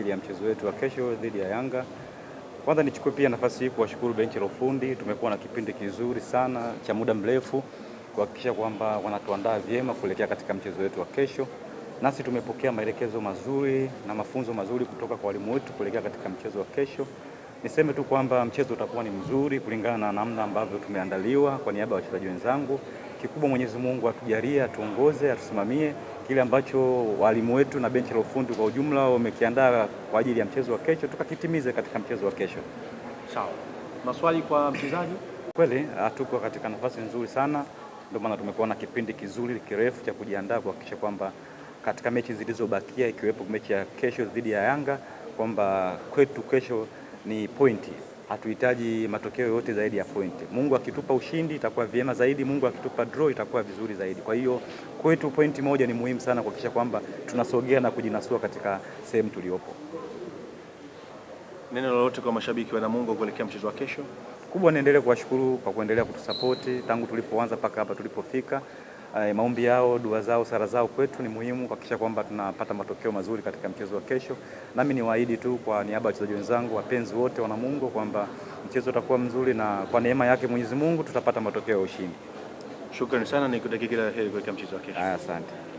ajili ya mchezo wetu wa kesho dhidi ya Yanga. Kwanza nichukue pia nafasi hii kuwashukuru benchi la ufundi. Tumekuwa na kipindi kizuri sana cha muda mrefu kuhakikisha kwamba wanatuandaa vyema kuelekea katika mchezo wetu wa kesho, nasi tumepokea maelekezo mazuri na mafunzo mazuri kutoka kwa walimu wetu kuelekea katika mchezo wa kesho. Niseme tu kwamba mchezo utakuwa ni mzuri kulingana na namna ambavyo tumeandaliwa. Kwa niaba ya wachezaji wenzangu Kikubwa Mwenyezi Mungu atujalie, atuongoze, atusimamie kile ambacho walimu wetu na benchi la ufundi kwa ujumla wamekiandaa kwa ajili ya mchezo wa kesho, tukakitimize katika mchezo wa kesho. Sawa. Maswali kwa mchezaji? Kweli hatuko katika nafasi nzuri sana, ndio maana tumekuwa na kipindi kizuri kirefu cha kujiandaa kuhakikisha kwamba katika mechi zilizobakia ikiwepo mechi ya kesho dhidi ya Yanga kwamba kwetu kesho ni pointi hatuhitaji matokeo yote zaidi ya pointi. Mungu akitupa ushindi itakuwa vyema zaidi, Mungu akitupa draw itakuwa vizuri zaidi. Kwa hiyo kwetu pointi moja ni muhimu sana kuhakikisha kwamba tunasogea na kujinasua katika sehemu tuliyopo. Neno lolote kwa mashabiki wa Namungo kuelekea mchezo wa kesho? Kubwa, niendelee kuwashukuru kwa kuendelea kutusapoti tangu tulipoanza mpaka hapa tulipofika. Eh, maombi yao, dua zao, sala zao kwetu ni muhimu kuhakikisha kwamba tunapata matokeo mazuri katika mchezo wa kesho. Nami niwaahidi tu kwa niaba ya wachezaji wenzangu, wapenzi wote wana Mungu, kwamba mchezo utakuwa mzuri na kwa neema yake Mwenyezi Mungu tutapata matokeo ya ushindi. Shukrani sana, nikutakia kila la heri kwa mchezo wa kesho. Asante.